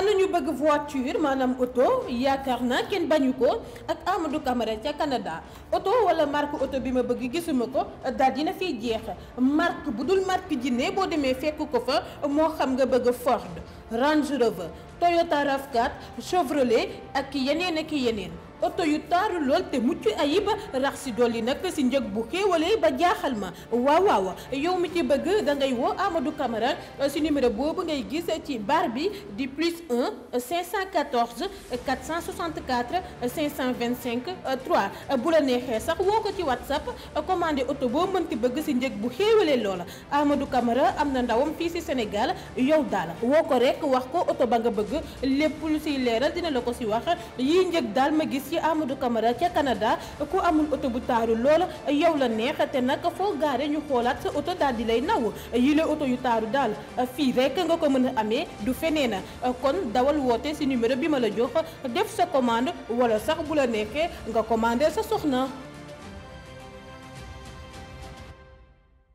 ana ñu bëgg voiture maanaam oto yaakaar naa kenn bañu ko ak Amadou Camara ca Canada oto wala marque oto bi ma bëgg gisuma ko daal dina fiy jeex marque bu dul marque jinne boo demee fekk ko fa moo xam nga bëgg Ford Range Rover Toyota rav Chevrolet ak yeneen ak yeneen. oto yu taaru lool te mucc ayib rax si dolli nag si njëg bu xéewalee ba jaaxal ma waaw yow mi ci bëgg da ngay woo Amadou Camara si numéro boobu ngay gis ci bar bi di plus 1 514 464 525 3 bu la neexee sax woo ko ci WhatsApp commandé oto boo mën mënti bëgg si njëg bu xéewalee loola Amadou Camara am na ndawam fii si Sénégal yow daal woo ko rek wax ko oto ba nga bëgg lépp lu leeral dina la ko si wax yii njëg daal ma gis ci Amadou Camara ca Canada ku amul oto bu taaru lool yow la neex te nag foo gaare ñu xoolaat sa oto daal di lay naw yi la oto yu taaru daal fii rek nga ko mën a amee du feneen kon dawal woote ci numéro bi ma la jox def sa commande wala sax bu la nekkee nga commandé sa soxna.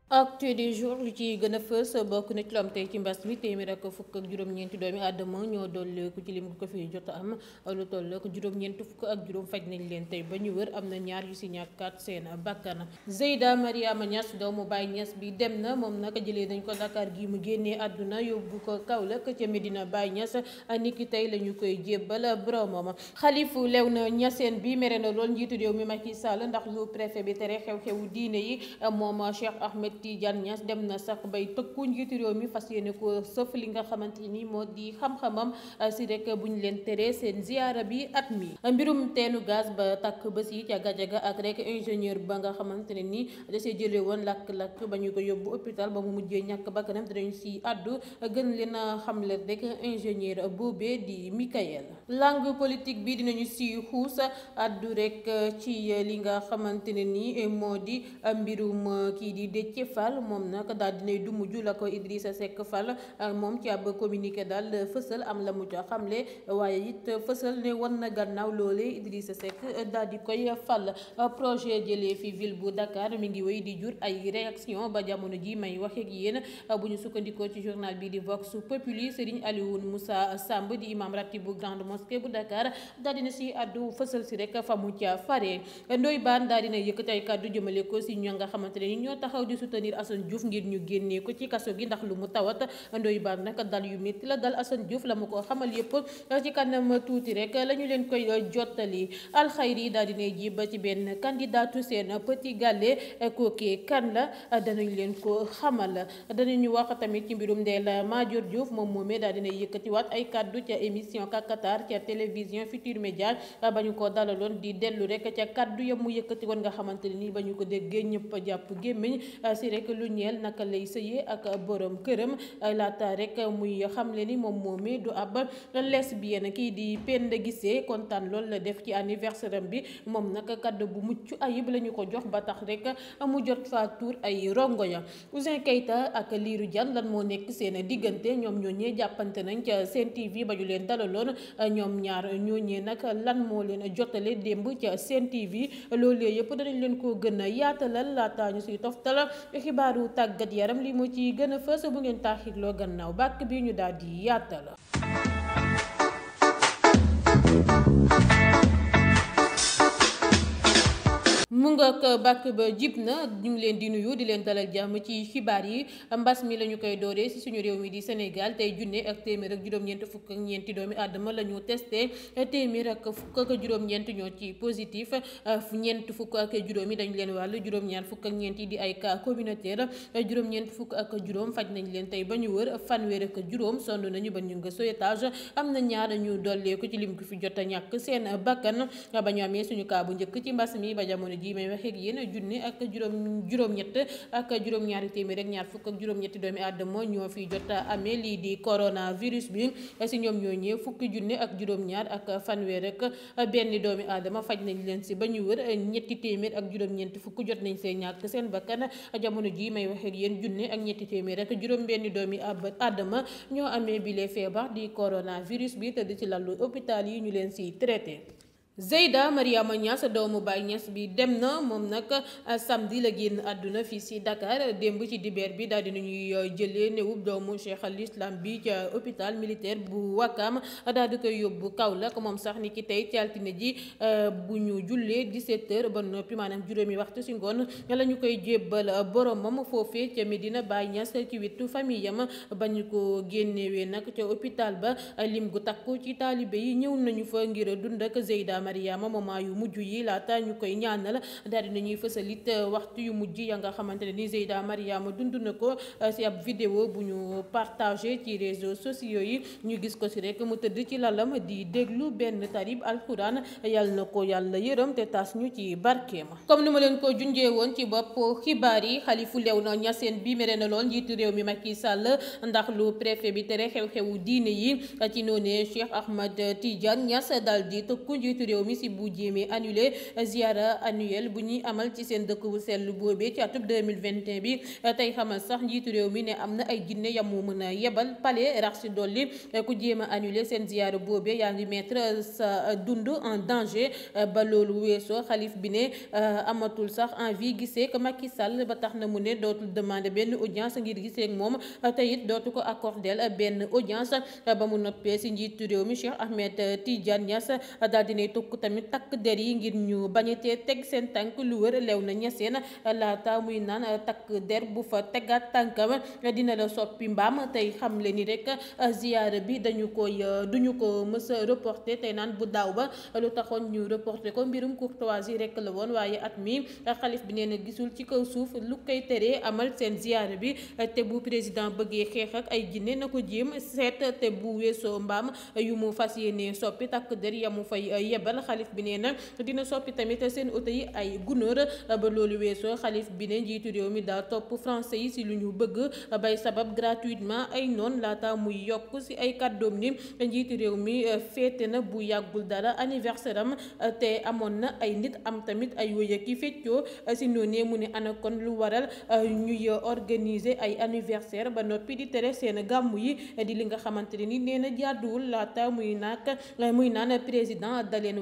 actu du jour lu ci gën a fës bokk na ci lu am tey ci mbas mi téeméer ak fukk ak juróom-ñeenti doomi aadama ñoo dolleeku ci lim ko fi jot am lu toll ak juróom-ñeent fukk ak juróom faj nañ leen tey ba ñu wër am na ñaar yu si ñàkkaat seen bakkan Zeyda Mariama Niass doomu bay ñas bi dem na moom naka jëlee nañ ko Dakar gi mu génne àdduna yóbbu ko kaw Kaolack ca Medina Baye Niass niki tey la ñu koy jébbal boromam xalifu lew na Niassène bi mere na lool njiitu réew mi Macky Sall ndax lu préfet bi tere xew-xewu diine yi Ahmed Tidiane Niass dem na sax bay tëkku njiitu réew mi fas yéene ko sëf li nga xamante ni moo di xam-xamam ah, si rek bu ñu leen tere seen ziara bi at mi mbirum teenu gaz ba takk ba si ca gajaga ak rek ingénieur ba nga xamante ne ni da see jële woon lakk-lakk ba ñu ba mu mujjee ñàkk bakkanam si àddu gën leen a xamle rek ingénieur boobee di Michael langue politique bi dinañu si xuus àddu rek ci li nga xamante ne ni moo di mbirum kii di Déthié Fall moom nag daal dinay du mujj la ko Idrissa Seck Fall moom ci ab communiqué daal fësal am la mu ca xamle waaye it fësal ne war na gannaaw loolee Idrissa Seck daal di koy fal projet jëlee fi ville bu Dakar mi ngi wéy di jur ay réaction ba jamono ji may wax ak yéen bu ñu sukkandikoo ci journal bi di Vox Populi Serigne Alioune Moussa Samb di imam ratib bu grande mosquée bu Dakar daal dina si addu fësal si rek fa mu a fare ndoy baan daal dina yëkkati soutenir Assane Diouf ngir ñu génnee ko ci kaso gi ndax lu mu tawat Ndoye Bane nag dal yu métti la dal Assane Diouf la mu ko xamal la ci kanam tuuti rek la ñu leen koy jottali alxayri daal dinay ba ci benn candidatu seen petit gàlle kookee kan la danañ leen ko xamal danañu wax tamit ci mbirum Ndella Madior Diouf moom moomee daal dinay yëkkatiwaat ay kàddu ca émission kakatar ca télévision Futur Média ba ñu ko dalaloon di dellu rek ca kàddu ya mu yëkkati woon nga xamante ne nii ba ñu ko déggee ñëpp jàpp gémmiñ si rek lu ñeel naka lay sëyee ak boroom këram laata rek muy xamle ni moom moomi du ab lesbienne kii di pend Penda Guissé kontaan lool la def ci anniversaire am bi moom nag kaddu bu mucc ayib la ñu ko jox ba tax rek mu jot fa tuur ay rongo ya Ouzin Keita ak liiru Diane lan moo nekk seen diggante ñoom ñooñee jàppante nañ ca Sen TV ba ñu leen dalaloon ñoom ñaar ñooñee nag lan moo leen a jotale démb ca Sen TV loolee yëpp danañ leen ko gën a yaatalal xibaaru tàggat yaram li mu ci gën a fës bu ngeen taaxirloo gannaaw bàkk bi ñu daal di yaatal. mu nga ko bàkk ba jib na ñu ngi leen di nuyu di leen dalal jàmm ci xibaar yi mbas mi la ñu koy dooree si suñu réew mi di Sénégal tey junne ak téeméer ak juróom-ñeent fukk ak ñeenti doomi àddama la ñu testé téeméer ak fukk ak ñeent ñoo ci positif ñeent fukk ak juróom yi dañu leen wàll juróom-ñaar fukk ak ñeent yi di ay cas communautaire fukk ak juróom faj nañ leen tey ba ñu wër fanweer ak juróom sonn nañu ba ñu nga soyetage am na ñaar ñu dolleeku ci lim ko fi jot a ñàkk seen bakkan ba ñu amee suñu cas bu njëkk ci mbas mi ba jamono ji may wax ak yéen junni ak juróom juróom-ñett ak juróom-ñaari téeméer ñaar fukk ak juróom-ñetti doomi aadama ñoo fi jot ame lii di coronavirus bi si ñoom ñoo ñëwee fukki junni ak juróom-ñaar ak fanweer rek benn doomi aadama faj nañ leen si ba ñu wër ñetti téeméer ak juróom fukk jot nañ seen ñàkk seen bakkan jamono ji may wax ak yéen junni ak ñetti téeméer rek juróom-benn doomi aadama ñoo amee bile feebar di coronavirus bi tëdd ci lallu hôpital yi ñu leen siy traité. Zeyda Mariama Niass doomu Baye Niass bi dem na moom nag euh, samedi la génn àdduna fii si Dakar démb ci dibeer bi daal di nañuy euh, jëlee néewub doomu Cheikh al Islam bi ca hôpital militaire bu Wakam daal di koy yóbbu kaw Kaolack moom sax ni ki tey ci altine ji euh, bu ñu jullee 17h ba noppi maanaam juróomi waxtu si ngoon la ñu koy jébbal boromam foofee ca Medina Baye Niass ci wetu famiyam ba ñu ko génnewee nag ca hôpital ba lim gu takku ci taalibe yi ñëw nañu fa ngir dund ak Zeyda. Mariama moment yu mujj yi laata ñu koy ñaanal daal dinañuy fësal eh, waxtu yu mujj ya nga xamante ne ni Zeyda Mariama dund na ko si eh, ab vidéo bu ñu partagé ci réseaux sociaux yi ñu gis ko si rek mu tëdd ci lalam di déglu benn tarib alquran yàlla na ko yàlla yërëm te tas ñu ci ma comme ni ma leen ko junjee woon ci bopp xibaar yi xalifu lew na ñaseen bi mere na lool njiitu réew mi Macky Sall ndax lu préfet bi tere xew-xewu diine yi ci noonee Cheikh réew mi si bu jéemee annulé ziara annuelle bu ñuy amal ci seen dëkk bu sell boobee ci atub 2021 bi tey xamal sax njiitu réew mi ne am na ay jinne yam moo mën a yebal palais rax si dolli ku jéem a annulé seen ziara boobee yaa ngi mettre sa dund en danger ba loolu weesoo xalif bi ne euh, amatul sax envie gisee que Macky Sall ba tax na mu ne dootul demander benn audience ngir gisee ak moom te it dootu ko accordel benn audience ba mu noppee si njiitu réew mi Cheikh Ahmed Tidiane Niass yokk tamit takk der yi ngir ñu te teg seen tank lu wër lew na ñeseen laata muy naan takk der bu fa tegaat tànkam dina la soppi mbaam tey xam le ni rek ziyaara bi dañu koy duñu ko mës a reporté tey bu daaw ba lu taxoon ñu reporté ko mbirum courtoisie rek la woon waaye at mi xalif bi nee na ci kaw suuf lu koy seen ziyaara bi te bu président bëggee xeex ak ay jinne na ko jéem seet te bu weesoo mbaam yu der ya mu fay yebal waral xalif bi nee na dina soppi tamit seen oto yi ay gunóor ba loolu weesoo xalif bi ne njiitu réew mi daa topp français yi si lu ñu bëgg bay sabab gratuitement ay noon laata muy yokk si ay kàddoom ni njiitu réew mi euh, féete na bu yàggul dara anniversaire am euh, te amoon na ay nit am tamit ay wëyëk yi feccoo euh, si noonee mu ne ana kon lu waral ñuy organiser ay anniversaire ba noppi di tere seen gàmmu yi di li nga xamante ni nee jàdduwul laata muy naak muy naan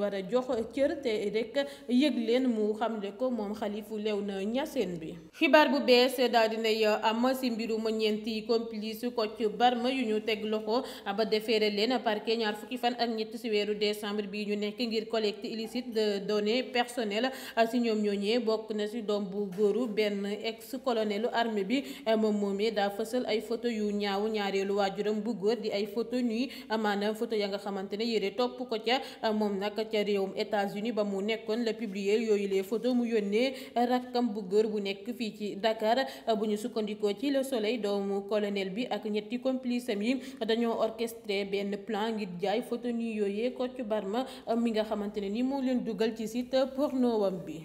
war a jox cër te rek yëg leen mu xamle ko moom xalifu Léona Niassène bi. xibaar bu bees daal dinay am si mbirum ñeenti complice Kocc Barma yu ñu teg loxo ba defeere leen ñaar fukki fan ak ñett si weeru décembre bi ñu nekk ngir collecte illicite de données personnelles si ñoom ñooñee bokk na si doom bu góoru benn ex colonelu armée bi moom moomee daa fësal ay photo yu ñaaw ñaareelu waajuram bu góor di ay photo ñuy maanaam photo ya nga xamante ne topp ko ca moom nag ca réewum États-Unis ba mu nekkoon la publier yooyu les photos mu yónnee rakkam bu góor bu nekk fii ci Dakar bu ñu sukkandikoo ci le soleil doomu colonel bi ak ñetti complice am yi dañoo orchestré benn plan ngir jaay photo ni yooyee Kocc Barma mi nga xamante ne ni moo leen dugal ci site porno wam bi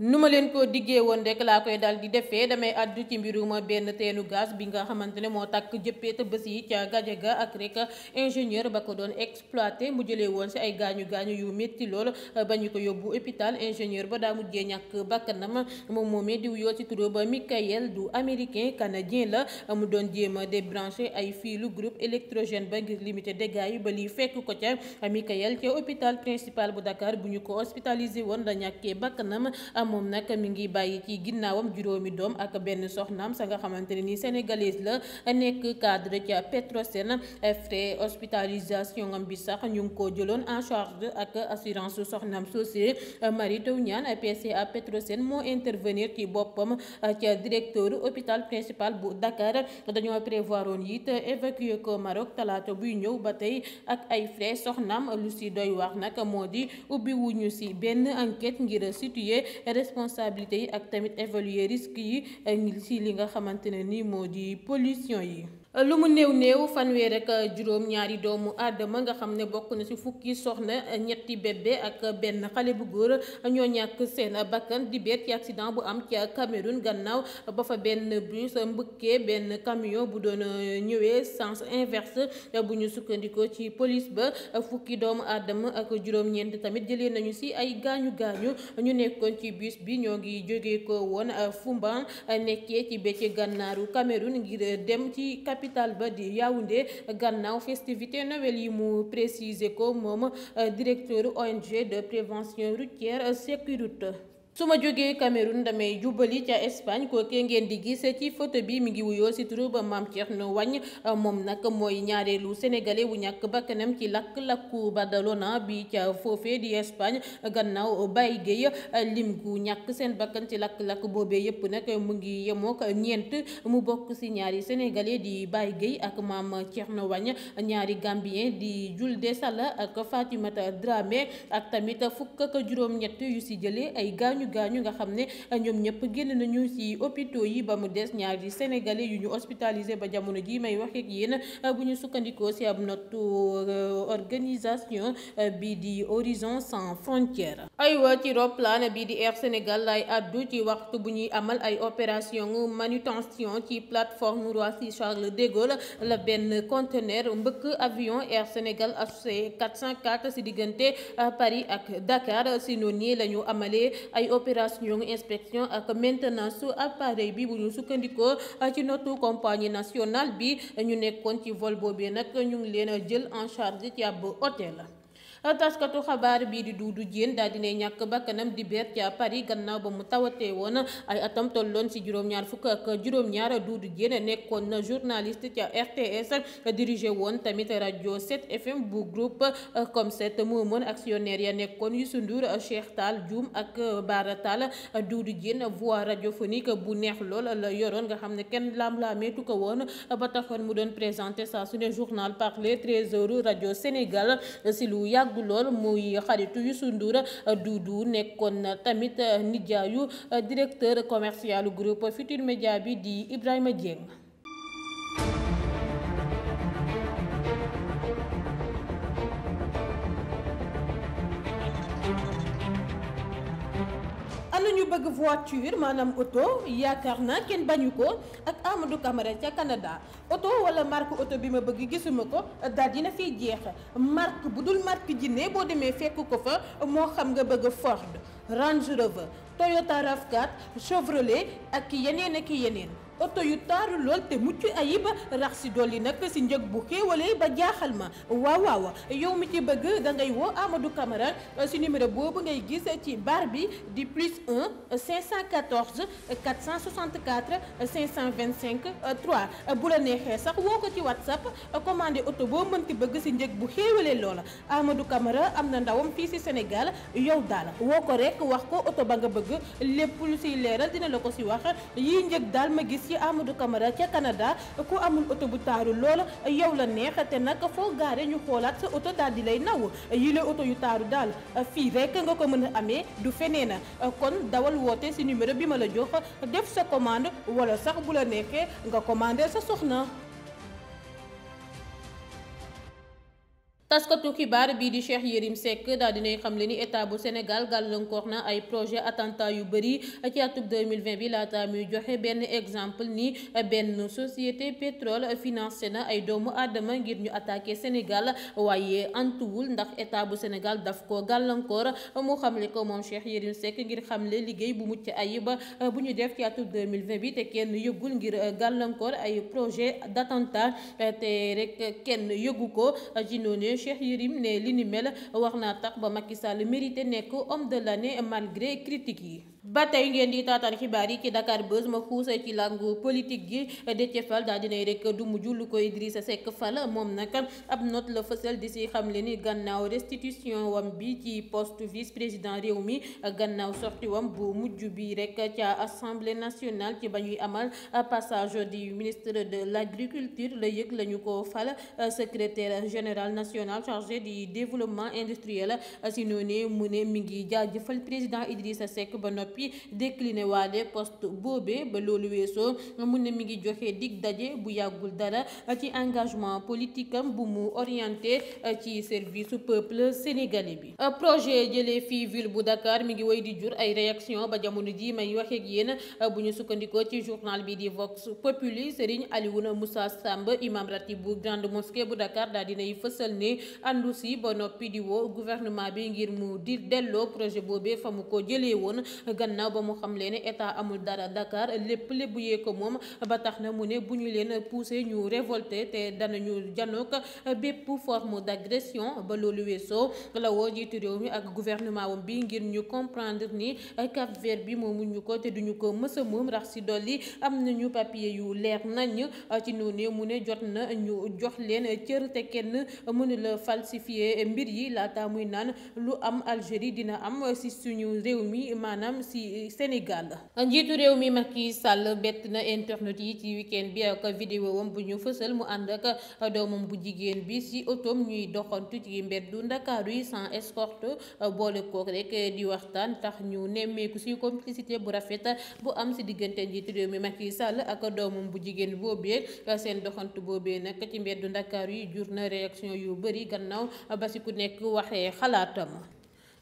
nu ma leen ko diggee woon rek laa koy daal di defee damay àddu ci mbirum benn teenu gaz bi nga xamante ne moo takk jëppeeta bés yi ca Gajaga ak rek ingénieur ba ko doon exploité mu jëlee woon si ay gaañu gaañu yu métti lool ba ñu ko yóbbu hôpital ingénieur ba daa mujjee ñàkk bakkanam moom moomee diw yoo ci turo ba Michael du américain canadien la mu doon jéem a débranché ay fiilu groupe électrogène ba ngir limiter dégâts yi ba lii fekk ko ca Michael ca hôpital principal bu bu ñu ko hospitalisé woon da ñàkkee bakkanam moom nag mi ngi bàyyi ci ginnaawam juróomi doom ak benn soxnaam sa nga xamante ne ni sénégalaise la nekk cadre ca Petrosen frais hospitalisation am bi sax ñu ngi ko jëloon en charge ak assurance soxnaam société Marie Taw Niane PCA Petrosen moo intervenir ci boppam ca directeur hôpital principal bu Dakar dañoo prévoir woon it évacuer ko Maroc talaata buy ñëw ba tey ak ay frais soxnaam lu si doy wax nag moo di ubbi wuñu si benn enquête ngir situer responsabilité yi ak tamit évaluer risque yi euh, ci li nga xamante ne nii moo di pollution yi Euh, lu mu néew néew fanweer ak euh, juróom ñaari doomu aadama nga xam ne bokk na ci fukki soxna euh, ñetti bébé ak benn xale bu góor ñoo ñàkk seen a bakkan dibéer ci accident bu am ci Cameroun gannaaw ba fa benn bus mbëkkee benn camion bu doon ñëwee sens inverse bu ñu sukkandikoo ci police ba fukki doomu aadama ak juróom-ñeent tamit jëlee nañu ci ay gaañu gaañu ñu nekkoon ci bus bi ñoo ngi jóge ko woon Fumban nekkee ci bëj gànnaaru Cameroun ngir dem ci capitale capitale ba di Yaoundé gannaaw festivité Noël yi mu préciser ko moom euh, directeur ONG de prévention routière Sécurité su ma jógee Cameroun damay jubali ca Espagne kookee ngeen di gise ci photo bi mi ngi wuyoo si turu ba Mame na Wagne moom nag mooy ñaareelu sénégalais bu ñàkk bakkanam ci lakk-lakku Badalona bi ca foofee di Espagne gannaaw Baye Gueye lim gu ñàkk seen bakkan ci lakk-lakk boobee yëpp nag mu ngi yemook ñeent mu bokk si ñaari sénégalais di Baye Gueye ak maam ceex na Wagne ñaari gambien di Juldé Sall ak Fatimata Dramé ak tamit fukk ak juróom-ñett yu ci jëlee ay gaañu gaañu nga xam ne ñoom ñëpp génn nañu ci hôpitaux yi ba mu des ñaari sénégalais yu ñu hospitalisé ba jamono ji may wax ak yéen bu ñu sukkandikoo ci ab notu euh, organisation euh, bi di Horizon sans frontières. aywa ci roplaan bi di Air Sénégal lay addu ci waxtu bu ñuy amal ay opération manutention ci plateforme Roissy Charles de la benn conteneur mbëkk avion Air Sénégal HC 404 ci diggante euh, Paris ak Dakar ci noonu la ñu amalee ay opération inspection ak maintenance su appareil bi bu ñu sukkandikoo ci notu compagnie nationale bi dañu nekkoon ci vol boobee nag ñu ngi leen a jël en charge ci ab hôtel. taskatu xabaar bii di Doudou Diène daal dinay ñàkk bakkanam di ber ca Paris gannaaw ba mu tawatee woon ay atam tolloon si juróom-ñaar fukk ak juróom-ñaar Doudou Diène nekkoon na journaliste ca RTS dirigé woon tamit rajo 7 FM bu groupe comme 7 moomoon actionnaire ya nekkoon yu Youssou Ndour Cheikh Tall Dioum ak Bara Tall Doudou Diène voix radiophonique bu neex lool la yoroon nga xam ne kenn laam-laameetu ko woon ba taxoon mu doon présenté saa su ne journal parler trésor rajo Sénégal yàggu lool muy xaritu Youssou Ndour Doudou nekkoon tamit nijaayu directeur commercial groupe Futurs Médias bi di Ibrahima Dieng bëgg voiture maanaam oto yaakaar naa kenn bañu ko ak Amadou Camara ca Canada oto wala marque oto bi ma bëgg gisuma ko daal dina fiy jeex marque bu dul marque jinne boo demee fekk ko fa moo xam nga bëgg Ford Range Rover Toyota RAV4 Chevrolet ak yeneen ak yeneen. oto yu taaru lool te mucc ayib rax si dolli nag si njëg bu xéewalee ba jaaxal ma waaw yow mi ci bëgg da woo Amadou camera si numéro boobu ngay gis ci bar bi di plus 1 514 464 525 3 bu la neexee sax woo ko ci WhatsApp commandé oto boo mën mënti bëgg si njëg bu xéewalee loola Amadou Camara am na ndawam fii si Sénégal yow daal woo ko rek wax ko oto ba nga bëgg lépp lu leeral dina la ko si wax yii njëg daal ma gis ci Amadou Camara ca Canada ku amul oto bu taaru lool yow la neex te nag foo gaare ñu xoolaat sa oto daal di lay naw yile oto yu taaru daal fii rek nga ko mën a amee du feneen kon dawal woote ci numéro bi ma la jox def sa commande wala sax bu la neexee nga commandé sa soxna. taskatu xibaar bii di Cheikh Yérim Seck daal dinay xamle ni état bu Sénégal gàllankoor na ay projet attentat yu bëri ci atub 2020 bi laata muy joxe benn exemple ni benn société pétrole financé na ay doomu aadama ngir ñu attaqué Sénégal waaye antuwul ndax état bu Sénégal daf ko gàllankoor mu xamle ko moom Cheikh Yérim Seck ngir xamle liggéey bu mucc ayib bu ñu def ci atub 2020 bi te kenn yëgul ngir gàllankoor ay projet d'attentat te rek kenn yëgu ko ci noonu Cheikh Yérim ne li ni mel war naa tax ba makki Sall mérité nekk homme de l'année malgré critiques yi ba tey ngeen di taataan xibaar yi ki Dakar Buzz ma xuuse ci làngu politique gi Déthié Fall daal dinay du mu lu ko Idrissa Seck Fall moom nag ab not la fësal di xam xamle ni gannaaw restitution wam bi ci post vice président réew mi gannaaw sorti wam bu mujj bi rek ca assemblée nationale ci ba ñuy amal passage di ministre de l' agriculture la yëg la ñu ko fal secrétaire général national chargé du développement industriel si noonee mu ne mi ngi jaajëfal président Idrissa Seck ba noppi noppi décliné waale poste boobee ba loolu weesoo mu ne mi ngi joxe dig daje bu yàggul dara ci engagement politique am bu mu oriente ci service peuple sénégalais bi. projet jëlee fii ville bu Dakar mi ngi woy di jur ay réaction ba jamono ji may wax ak yéen bu ñu sukkandikoo ci journal bi di Vox Populi Serigne Alioune Moussa Samb imam ratib bu grande mosquée bu Dakar daal dinay fësal ne àndu si ba noppi di woo gouvernement bi ngir mu di delloo projet boobee fa mu ko jëlee woon. gannaaw ba mu xam leen état amul dara Dakar lépp lébu yee ko moom ba tax na mu ne bu ñu leen poussé ñu révolté te danañu janook bépp forme d'agression ba loolu weesoo la woo jiitu réew mi ak gouvernement wam bi ngir ñu comprendre ni Cap-Vert bi moomu ñu ko te duñu ko mës moom rax si dolli am na nañu papier yu leer nañ ci noonu mu ne jot na ñu jox leen cër te kenn mënula falsifier mbir yi laata muy naan lu am Algérie dina am si suñu réew mi maanaam si Sénégal. njiitu réew mi mag Macky Sall bett na internet yi ci weekend bi ak vidéo am bu ñu fësal mu ànd ak doomam bu jigéen bi ci otoom ñuy doxantu ci mbeddu ndakaaru yi sans escorte boole kook rek di waxtaan tax ñu nemmeeku si complicité bu rafet bu am si diggante njiitu réew mi Macky sàll ak doomam bu jigéen boobee seen doxantu boobee nag ci mbeddu ndakaaru yi jur na réaction yu bëri gannaaw ba si ku nekk waxee xalaatam.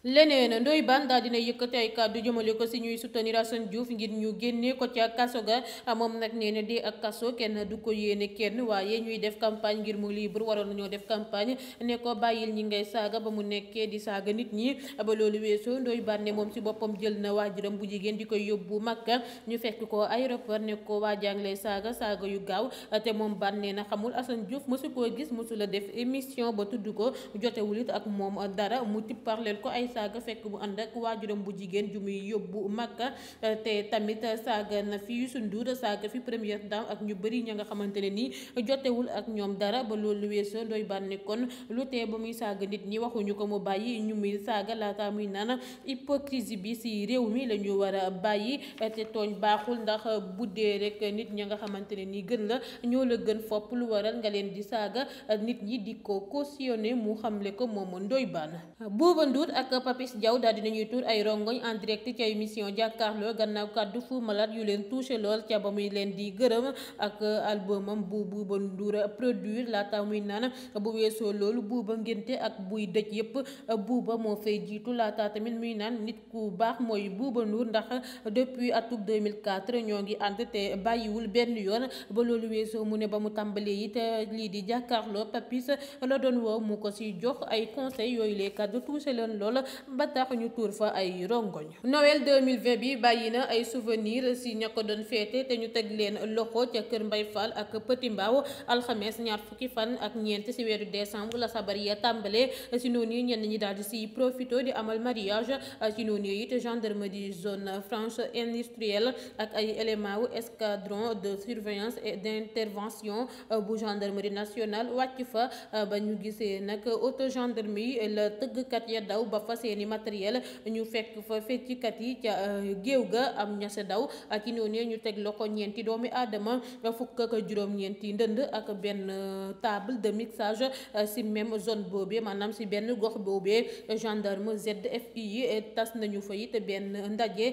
leneen Ndoye Bane daal dina yëkkati ay kàddu jëmale ko si ñuy soutenir Assane Diouf ngir ñu génnee ko ca kaso ga moom nag nee na dee ak kaso kenn du ko yéene kenn waaye ñuy def campagne ngir mu libre waroon nañoo def campagne ne ko bàyyil ñi ngay saaga ba mu nekkee di saaga nit ñi ba loolu weesoo Ndoye Bane ne moom si boppam jël na waajuram bu jigéen di koy yóbbu Makka ñu fekk ko aéroport ne ko waajaang lay saaga saaga yu gaaw te moom Bane nee na xamul Assane Diouf mësu koo gis mësu la def émission ba tudd ko jotewul it ak moom dara mu ko saaga fekk bu ànd ak waajuram bu jigéen ju muy yóbbu Makka eh, te tamit saaga na fi Youssou Ndour saaga fi première dame ak ñu bëri ña nga xamante ne nii jotewul ak ñoom dara ba loolu weesoo Ndoye Bane ne kon lu tee ba muy saaga nit ñi waxuñu ko mu bàyyi ñu muy saaga laata muy naan hypocrisie bi si réew mi la ñu war a bàyyi eh, te tooñ baaxul ndax bu dee rek nit ña nga xamante ne nii gën la ñoo la gën fopp lu waral nga leen di saaga nit ñi di ko cautionné mu xamle ko moom Papis Diaw daal dinañuy tuur ay rongoñ en direct ca émission jàkkaarloo gannaaw kàddu fu malaat yu leen touché lool ca ba muy leen di gërëm ak albumam bu Bouba Ndour produire laata muy naan bu weesoo loolu Bouba ngénte ak buy dëj yëpp Bouba moo fay jiitu laata tamit muy naan nit ku baax mooy buuba Ndour ndax depuis atum 2004 ñoo ngi ànd te bàyyiwul benn yoon ba loolu weesoo mu ne ba mu tàmbalee it lii di jàkkaarloo Papis la doon woo mu ko si jox ay ba ñu tuur fa ay rongoñ Noël 2020 bi bàyyi na ay souvenir si ña ko doon féete te ñu teg leen loxo ca kër Mbay Fall ak Petit Mbaaw alxames ñaar fukki fan ak ñeent si weeru décembre la sabar ya tàmbale si noonu ñenn ñi daal di si profito di amal mariage si noonu it gendarmerie zone franche industrielle ak ay éléments wu escadron de surveillance et d'intervention euh, bu gendarmerie nationale wàcc fa euh, ba ñu gisee nag auto gendarmerie la tëggkat ya daw ba fa seen i matériel ñu fekk fa feccikat yi ca euh, géew ga am ña sa daw ci noonu ñu teg ko ñeenti doomi aadama fukk ak juróom-ñeenti ndënd ak benn euh, table de mixage euh, si même zone boobee maanaam si benn gox boobee gendarme ZFI yi tas nañu fa it benn ndaje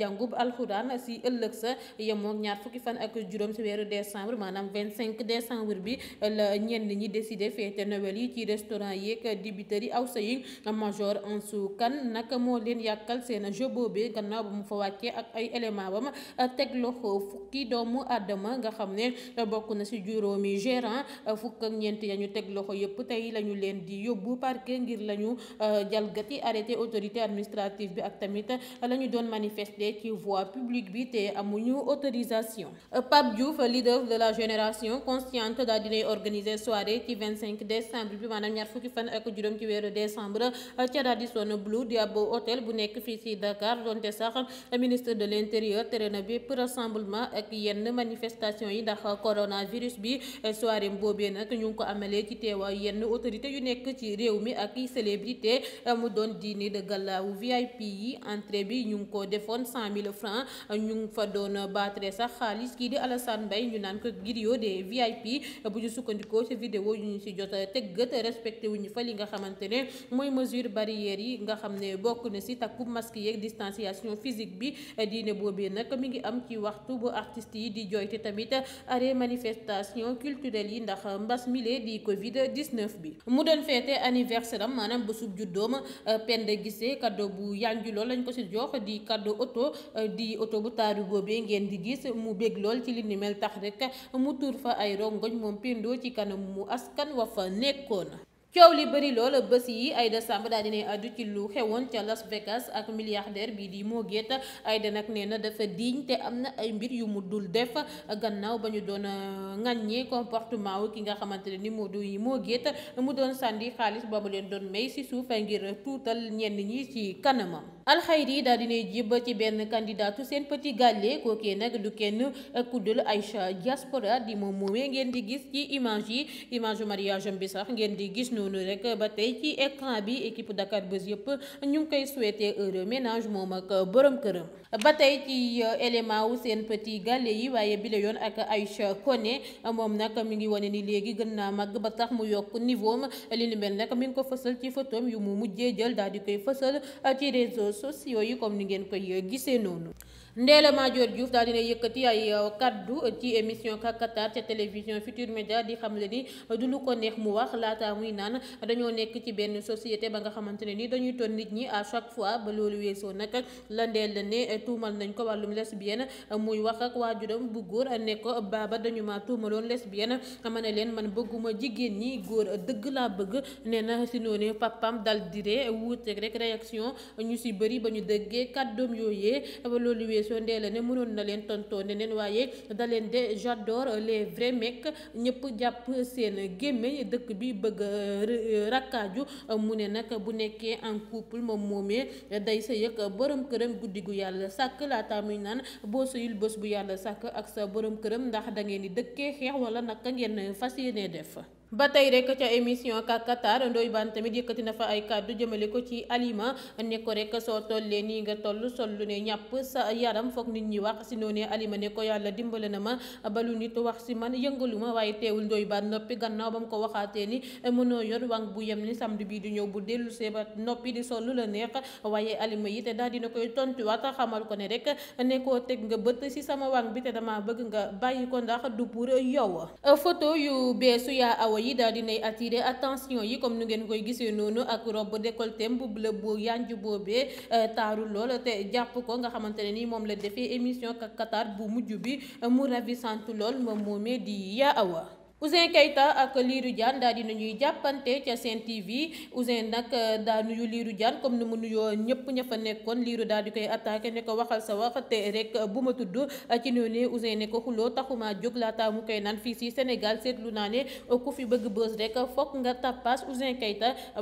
jàngub alxuraan si ëllëg sa yemoo ñaar fukki fan ak juróom si weeru décembre maanaam 25 décembre bi la ñenn ñi décidé feete Noël yi ci restaurant yeeg dibiteri aw sa yi major su kan nag moo leen yàkkal seen jeu boobee gannaaw ba mu fa wàccee ak ay élément ma euh, teg loxo fukki doomu aadama nga xam ne euh, bokk na ci juróomi gérant euh, fukk ak ñeent ya ñu teg loxo yëpp tey lañu leen di yóbbu parquet ngir la ñu jalgati arrêté autorité administrative bi ak tamit la ñu doon manifester ci voie publique bi te amuñu autorisation Pape Diouf leader de la génération consciente daal dinay organiser soirée ci 25 décembre bi maanaam ñaar fukki fan ak ci weeru décembre Radisson Blu di ab hôtel bu nekk fii ci Dakar donte sax ministre de l'intérieur tere na bépp rassemblement ak yenn manifestation yi ndax coronavirus bi eh, soirée boobee nag ñu ngi ko amalee ci teewaayu yenn autorité yu nekk ci réew mi ak célébrité eh, mu doon dîner de galaawu VIP yi entrée bi ñu ngi ko defoon cent mille francs ñu ngi fa doon baatre sax xaalis kii di Alassane mbay ñu naan ko griot des VIP bu ñu sukkandikoo ci vidéo yu ñu ci jot tëggat respecté wu ñu fa li nga xamante nga xam ne bokk na si takku masque yeeg distanciation physique bi eh, diine boobee nag mi ngi am ci waxtu bu artistes yi di joyte tamit arrêt manifestation culturelle yi ndax mbas mile di Covid 19 bi. mu den feete anniversaire am maanaam bésub juddoom eh, Penda gise cadeau bu yànju lool lañ ko si jox di cadeau oto eh, di oto bu taaru boobee ngeen di gis mu bég lool ci li ni mel tax rek mu tuur fa ay rongoñ moom Pendo ci kanam mu askan wa fa nekkoon. coow li bëri lool bés yi Aïda Samb daal dinay addu ci lu xewoon ca Las Vegas ak milliardaire bii di Mo Gates Aïda nag nee na dafa diiñ te am na ay mbir yu mu dul def gannaaw ba ñu doon euh, ŋàññee comportement wu ki nga xamante ne ni moo du Mo Gates mu doon sànni xaalis boobu leen doon may si suuf ngir tuutal ñenn ñi ci kanamam alxayri daal dinay jib ci benn candidaatu seen petit gàlle kookee nag du kenn kuddul Aïcha diaspora di moom moomee ngeen di gis ci image yi image bi sax ngeen di gis noonu rek ba tey ci écran bi équipe Dakar bés yëpp ñu ngi koy souhaiter heureux ménage moom ak borom këram ba tey ci euh, élément wu seen petit gàlle yi waaye bi la yoon ak ay Aïcha Koné moom nag mi ngi wane ni léegi gën naa mag ba tax mu yokk niveau am li nu mel nag mi ngi ko fësal ci photom yu mu mujjee jël daal di koy fësal euh, ci réseaux sociaux yi comme ni ngeen koy euh, gisee noonu Ndella Madior Diouf daal dina yëkkati ay euh, kaddu ci émission Kakatar ca télévision Futur Média di xam le ni du lu ko neex mu wax laata muy naan dañoo nekk ci benn société ba nga xamante ne ni dañuy toon nit ñi à chaque fois ba loolu weesoo nag la Ndella ne tuumal nañ ko wàllum lesbienne muy wax ak waajuram bu góor ne ko baaba dañu ma tuumaloon lesbienne ma ne leen man bëgguma jigéen ñi góor dëgg laa bëgg nee na si noonu papam dal dire wuute rek réaction ñu si bëri ba ñu dëggee kàddoom yooyee ba loolu expression ndeela ne mënoon na leen tontoo neneen waaye da leen de j'adore les vrais mecs ñëpp jàpp seen gémmiñ dëkk bi bëgg rakkaaju mu ne nag bu nekkee en couple moom moomee day sa yëg borom këram guddi gu yàlla sàkk laata muy naan boo seyul bés bu yàlla sàkk ak sa borom këram ndax da ngeen di dëkkee xeex wala naka ngeen fas yéenee def ba tey rek ca émission kakatar Ndoye Bane tamit yëkkati na fa ay kàddu jëmale ko ci aliment ne ko rek soo tollee nii nga toll sol lu ne ñàpp sa yaram foog nit ñi wax si noonee aliment ne ko yàlla dimbale na ma ba lu nit wax si man yëngalu ma waaye teewul Ndoye Bane noppi gannaaw ba mu ko waxaatee ni mënoo yor wang bu yem ni samedi bii di ñëw bu dellu ba noppi di sol la neex waaye aliment yi te daal dina koy tontuwaat xamal ko ne rek ne koo teg nga bët si sama wang bi te dama bëgg nga bàyyi ko ndax du pour yow photo yu beesu yaa aw sawo yi daal dinay attiré attention yi comme nu ngeen koy gisee noonu ak robe décolleté bu bleu bu yanj boobee euh, taaru lool te jàpp ko nga xamante ne ni moom la defee émission kakatar bu mujj bi euh, mu ravissante lool moom moomee di yaa awa Ouzin Keita ak liiru Diane daal di nañuy jàppante ca Sen TV Ouzin nag euh, daa nuyu liiru Diane comme ni mu nuyoo ñëpp ña fa nekkoon liiru daal di koy attaqué ne ko waxal sa wax te rek euh, bu ma tudd euh, ci noonu Ouzin ne ko xuloo taxumaa jóg laata mu koy naan fii si Sénégal seetlu naa ne ku fi bëgg bës rek foog nga tappaas Ouzin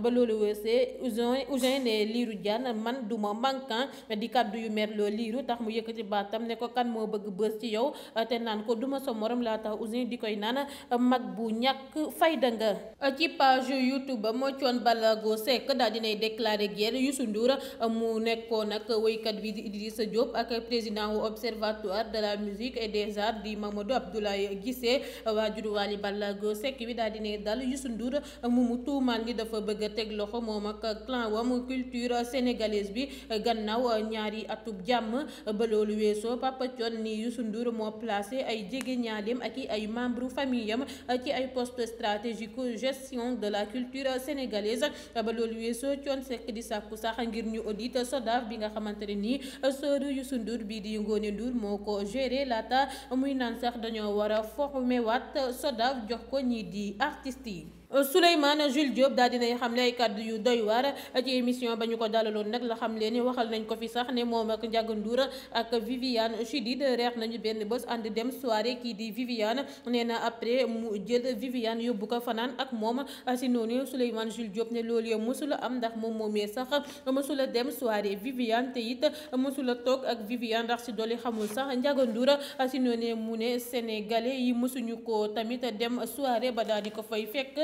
ba loolu weesee Ouzin Ouzin ne man du ma manquant di kàddu yu mer loo Lirou tax mu yëkkati baatam ne ko kan moo bëgg bës ci yow te naan ko du ma sa morom laata Ouzin di koy naan. mag bu ñàkk fayda nga ci page youtube moo coon balago Seck daal dinay déclaré guerre Youssou Ndour mu nekkoon nag woykat bi di sa Diop ak président wu observatoire de la musique et des arts di Mamadou Abdoulaye Guissé waajur Wally balago bi daal dinay dal Youssou Ndour mu mu tuumaan ni dafa bëgg a teg loxo moom ak clan wam culture sénégalaise bi gannaaw ñaari atub jàmm ba weesoo Papa ni Youssou moo placé ay jege ñaaleem ak i ay membre famille am ci ay poste stratégique gestion de la culture sénégalaise ba loolu weesoo coon sekk di sàkku sax ngir ñu audit SODAV bi nga xamante ne nii sooru Youssou Ndour bii di Ngoné Ndour moo ko géré laata muy naan sax dañoo war a former waat SODAV jox ko ñii di artistes yi Euh, Souleymane Jules Diop daal dinay xam ne ay kàddu yu doy a ci émission ba ñu ko dalaloon nag la xam leen ni waxal nañ ko fi sax ne moom ak Ndiaga Ndour ak Viviane Chidid reex nañu benn bés ànd dem soirée kii di Viviane nee na après mu jël Viviane yóbbu ko fanaan ak moom si noonu Souleymane Jules Diop ne loolu yow mosula am ndax moom moomee sax mosula dem soirée Viviane te it mosula toog ak Viviane ndax si dolli xamul sax Ndiaga Ndour si mu ne sénégalais yi mësuñu ko tamit dem soirée ba daal di ko fay fekk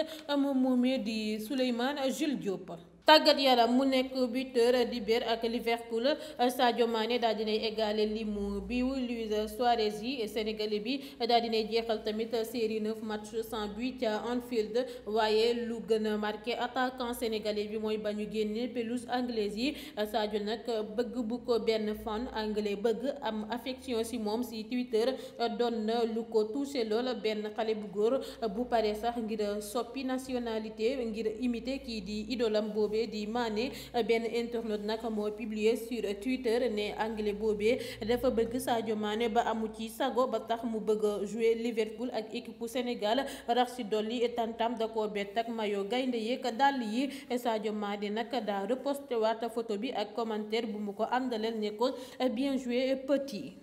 moom moomee di Souleymane jule Diop. tàggat yaram mu nekk buteur di béer ak Liverpool Sadio Mané daal dinay égalé limu biw Luis Suarez yi Sénégalais bi daal dinay jeexal tamit série 9 match sans but ca Anfield waaye lu gën a marqué attaquant sénégalais bi mooy ba ñu génne pelouse anglaise yi Sadio nag bëgg bu ko benn fan anglais bëgg am affection si moom si Twitter doon na lu ko touché lool benn xale bu góor bu pare sax ngir soppi nationalité ngir imiter kii di idolam boobu boobee di Mané benn internaute nag moo publier sur Twitter ne anglais boobee dafa bëgg saajo maane ba amu ci sago ba tax mu bëgg a jouer Liverpool ak équipe Sénégal rax ci dolli tantam da koo bett ak mayo gaynde yeeg dàll yi Sadio Mané nag daa reposté waat photo bi ak commentaire bu mu ko àndaleel ne ko bien joué petit.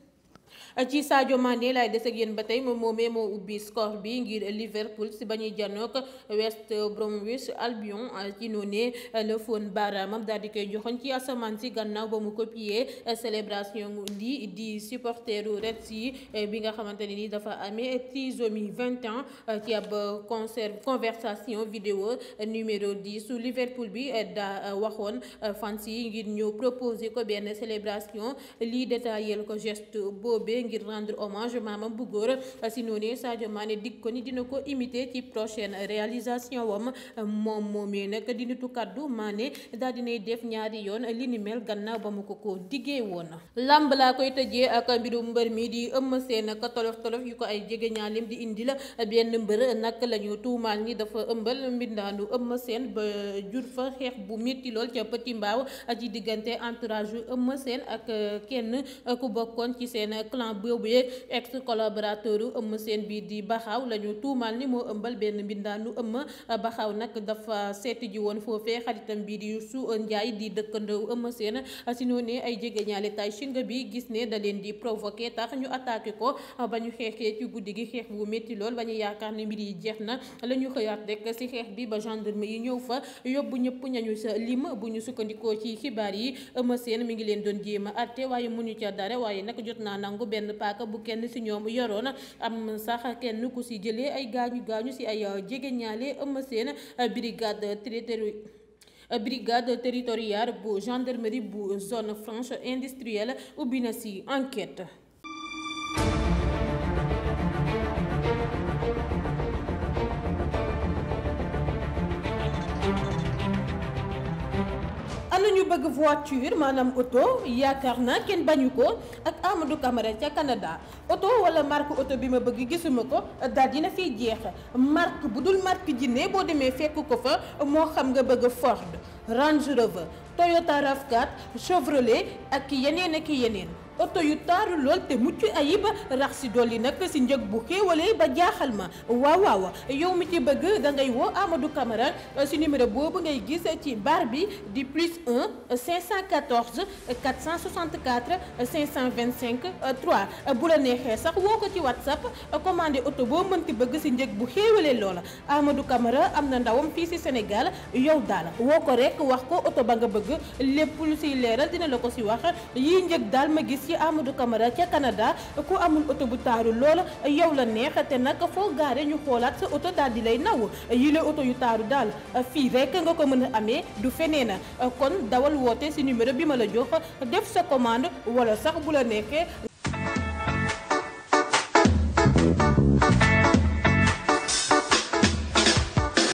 ci Sadio Mané laay des ak ba tey moom moomee moo ubbi score bi ngir Liverpool si ba ñuy janook West Bromwich Albion ah, ci noonee ah, la fóon baaraamam daal di koy joxoon ci asamaan si gannaaw ba mu copier ah, célébration li di supporteru Reds yi eh, bi nga xamante ne ni dafa amee trisomie 20 ans ci ab concert conversation vidéo numéro 10 su Liverpool bi eh, daa waxoon fans yi ngir ñëw proposer ko benn célébration lii détaillé ko geste boobee. ngir rendre hommage maamam bu góor si noonu Sadio Mané dig ko ni dina ko imiter ci prochaine réalisation wam moom moomee nag di nitu kaddu Mané dinay def ñaari yoon li ni mel gannaaw ba mu ko ko diggee woon. lamb laa koy tëjee ak mbirum mbër mi di ëmm seen ak tolof tolof yu ko ay jege ñaaleem di indi la benn mbër nag la ñu tuumaal ni dafa ëmbal mbindaanu ëmm seen ba jur fa xeex bu métti lool ca Petit Mbao ci diggante entourage yu ëmm seen ak agent boobuyee ex collaborateur u ëmm seen bii di baxaaw la ñu tuumaal ni moo ëmbal benn mbindaanu ëmm baxaaw nag dafa seeti ji woon foofee xaritam bii di Youssou Ndiaye di dëkkandoo ëmm seen si noonu ay jege ñaale tay shinga bi gis ne da leen di provoqué tax ñu attaqué ko ba ñu xeexee guddi gi xeex bu métti lool ba ñu yaakaar ne mbir yi jeex na la ñu xëyaat rek si xeex bi ba gendarme yi ñëw fa yóbbu ñëpp ñañu sa lim bu ñu sukkandikoo ci xibaar yi ëmm seen mi ngi leen doon jéem a atte waaye mënu ca dara waaye nag jot naa nangu benn benn paaka bu kenn si ñoom yoroon am sax kenn ku si jëlee ay gaañu gaañu si ay euh, jege ñaale ëmm seen euh, brigade territori euh, brigade territoriale bu gendarmerie bu zone franche industrielle ubbi na si enquête. am na ñu bëgg voiture maanaam oto yaakaar naa kenn bañu ko ak Amadou Camara ca Canada oto wala marque oto bi ma bëgg gisuma ko daal na fi jeex marque bu dul marque jinne boo demee fekk ko fa moo xam nga bëgg Ford Range Rover Toyota rav Chevrolet ak yeneen ak yeneen. oto yu taaru lool te mucc ayib rax si dolli nag si njëg bu xéewalee ba jaaxal ma waaw yow mi ci bëgg da ngay woo Amadou Camara si numéro boobu ngay gis ci bar bi di plus 1 514 464 525 3 bu la neexee sax woo ko ci WhatsApp commandé oto boo mën mënti bëgg si njëg bu xéewalee loola Amadou Camara am na ndawam fii si Sénégal yow daal woo ko rek wax ko oto ba nga bëgg lépp lu leeral dina la ko si wax yii njëg daal ma gis ci Amadou Camara ca Canada ku amul oto bu taaru lool yow la neex te nag foo gaare ñu xoolaat sa oto daal di lay naw yile oto yu taaru daal fii rek nga ko mën a amee du feneen kon dawal woote ci numéro bi ma la jox def sa commande wala sax bu la nekkee